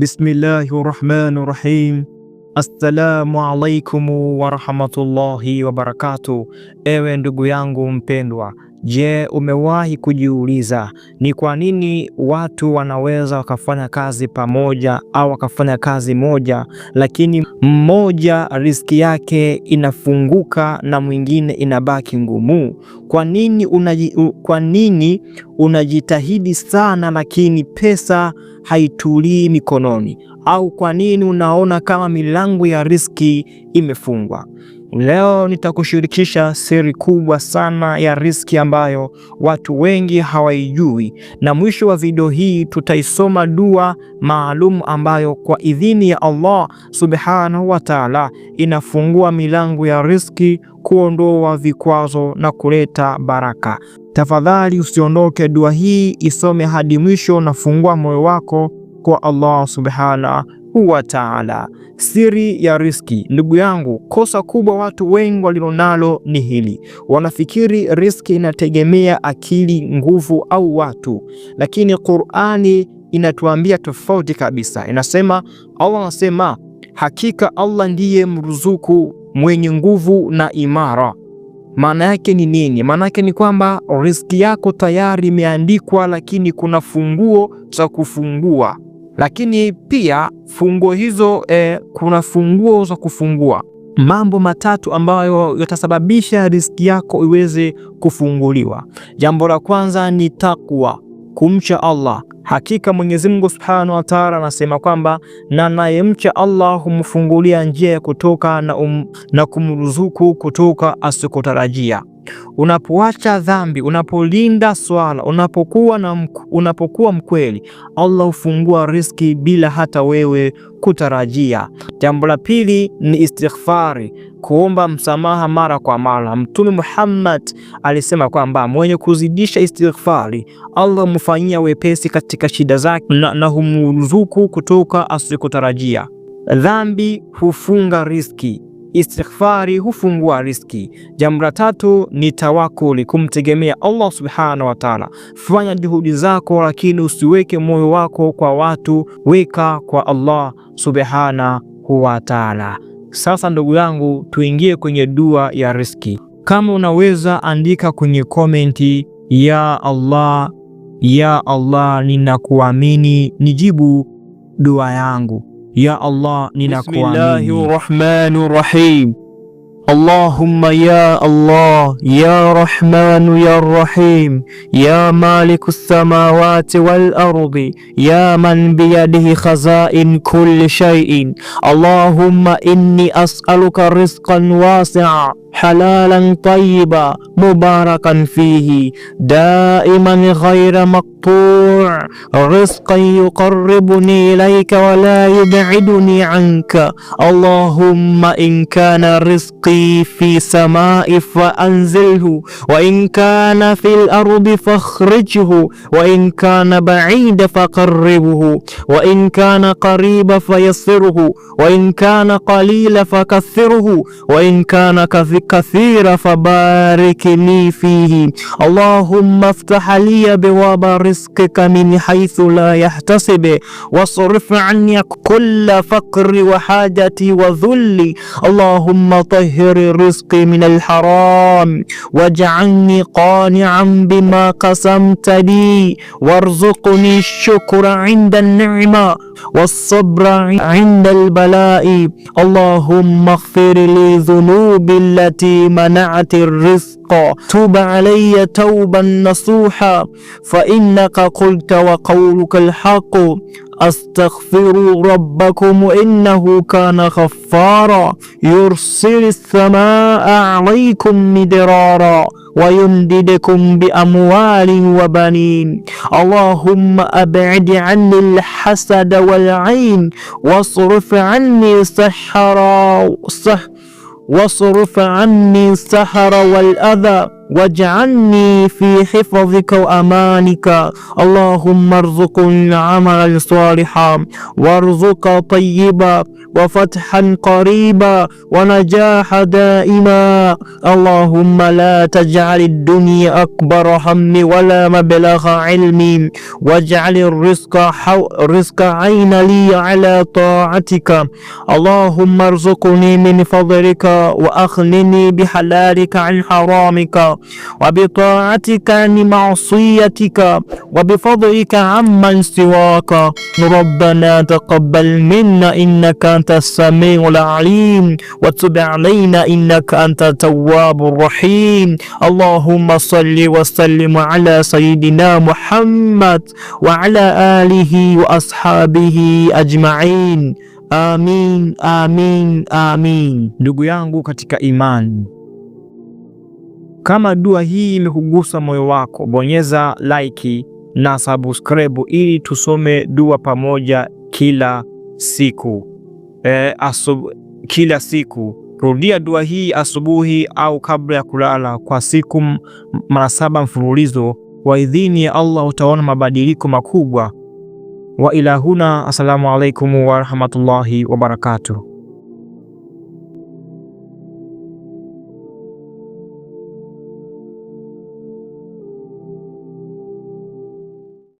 بسم الله الرحمن الرحيم السلام عليكم ورحمة الله وبركاته ايوه ndugu yangu mpendwa Je, umewahi kujiuliza ni kwa nini watu wanaweza wakafanya kazi pamoja au wakafanya kazi moja, lakini mmoja riski yake inafunguka na mwingine inabaki ngumu? Kwa nini unaji, kwa nini unajitahidi sana lakini pesa haitulii mikononi? Au kwa nini unaona kama milango ya riski imefungwa? Leo nitakushirikisha siri kubwa sana ya riski ambayo watu wengi hawaijui, na mwisho wa video hii tutaisoma dua maalum ambayo kwa idhini ya Allah subhanahu wa taala inafungua milango ya riski, kuondoa vikwazo na kuleta baraka. Tafadhali usiondoke, dua hii isome hadi mwisho na fungua moyo wako kwa Allah subhanahu wa taala. Siri ya riski, ndugu yangu, kosa kubwa watu wengi walilonalo ni hili: wanafikiri riski inategemea akili, nguvu au watu, lakini Qur'ani inatuambia tofauti kabisa. Inasema Allah anasema, hakika Allah ndiye mruzuku mwenye nguvu na imara. Maana yake ni nini? Maana yake ni kwamba riski yako tayari imeandikwa, lakini kuna funguo za kufungua lakini pia funguo hizo e, kuna funguo za kufungua mambo matatu ambayo yatasababisha riziki yako iweze kufunguliwa. Jambo la kwanza ni takwa, kumcha Allah. Hakika Mwenyezi Mungu Subhanahu wa Ta'ala anasema kwamba na nayemcha Allah humfungulia njia ya kutoka na, um, na kumruzuku kutoka asikotarajia. Unapoacha dhambi, unapolinda swala, unapokuwa na mku, unapokuwa mkweli, Allah hufungua riski bila hata wewe kutarajia. Jambo la pili ni istighfari, kuomba msamaha mara kwa mara. Mtume Muhammad alisema kwamba mwenye kuzidisha istighfari, Allah humfanyia wepesi katika shida zake na, na humruzuku kutoka asikotarajia. Dhambi hufunga riski Istighfari hufungua riski Jambo la tatu ni tawakuli, kumtegemea Allah subhanahu wa taala. Fanya juhudi zako, lakini usiweke moyo wako kwa watu, weka kwa Allah subhanahu wa taala. Sasa ndugu yangu, tuingie kwenye dua ya riski Kama unaweza andika kwenye komenti ya Allah, ya Allah, ninakuamini nijibu dua yangu. يا الله بسم الله الرحمن الرحيم اللهم يا الله يا رحمن يا رحيم يا مالك السماوات والأرض يا من بيده خزائن كل شيء اللهم إني أسألك رزقا واسعا حلالا طيبا مباركا فيه دائما غير مقطوع رزقا يقربني إليك ولا يبعدني عنك اللهم إن كان رزقي في سماء فأنزله وإن كان في الأرض فاخرجه وإن كان بعيد فقربه وإن كان قريب فيسره وإن كان قليل فكثره وإن كان كثير كثيرة فبارك لي فيه اللهم افتح لي بواب رزقك من حيث لا يحتسب واصرف عني كل فقر وحاجتي وذلي اللهم طهر رزقي من الحرام واجعلني قانعا بما قسمت لي وارزقني الشكر عند النعمة والصبر عند البلاء اللهم اغفر لي ذنوبي التي التي منعت الرزق توب علي توبا نصوحا فإنك قلت وقولك الحق أستغفروا ربكم إنه كان غفارا يرسل السماء عليكم مدرارا ويمددكم بأموال وبنين اللهم أبعد عني الحسد والعين واصرف عني سحرا سحرا واصرف عني السحر والأذى واجعلني في حفظك وأمانك اللهم ارزقني العمل الصالح وارزق طيبا وفتحا قريبا ونجاح دائما اللهم لا تجعل الدنيا أكبر همي ولا مبلغ علمي واجعل الرزق حو... الرزق عين لي على طاعتك اللهم ارزقني من فضلك وأخلني بحلالك عن حرامك wabitaatika ni masiyatika wabifadlika amman siwaka rabbana taqabbal minna innaka anta samiul alim watub alaina innaka anta tawwabur rahim allahumma salli wasallim ala sayidina Muhammad wa ala alihi wa ashabihi ajmain. Amin, amin, amin. Ndugu yangu katika imani kama dua hii imekugusa moyo wako, bonyeza like na subscribe ili tusome dua pamoja kila siku. E, asub, kila siku rudia dua hii asubuhi au kabla ya kulala kwa siku mara saba mfululizo. Wa idhini ya Allah utaona mabadiliko makubwa. Wa ilahuna, assalamu alaikum warahmatullahi wabarakatuh.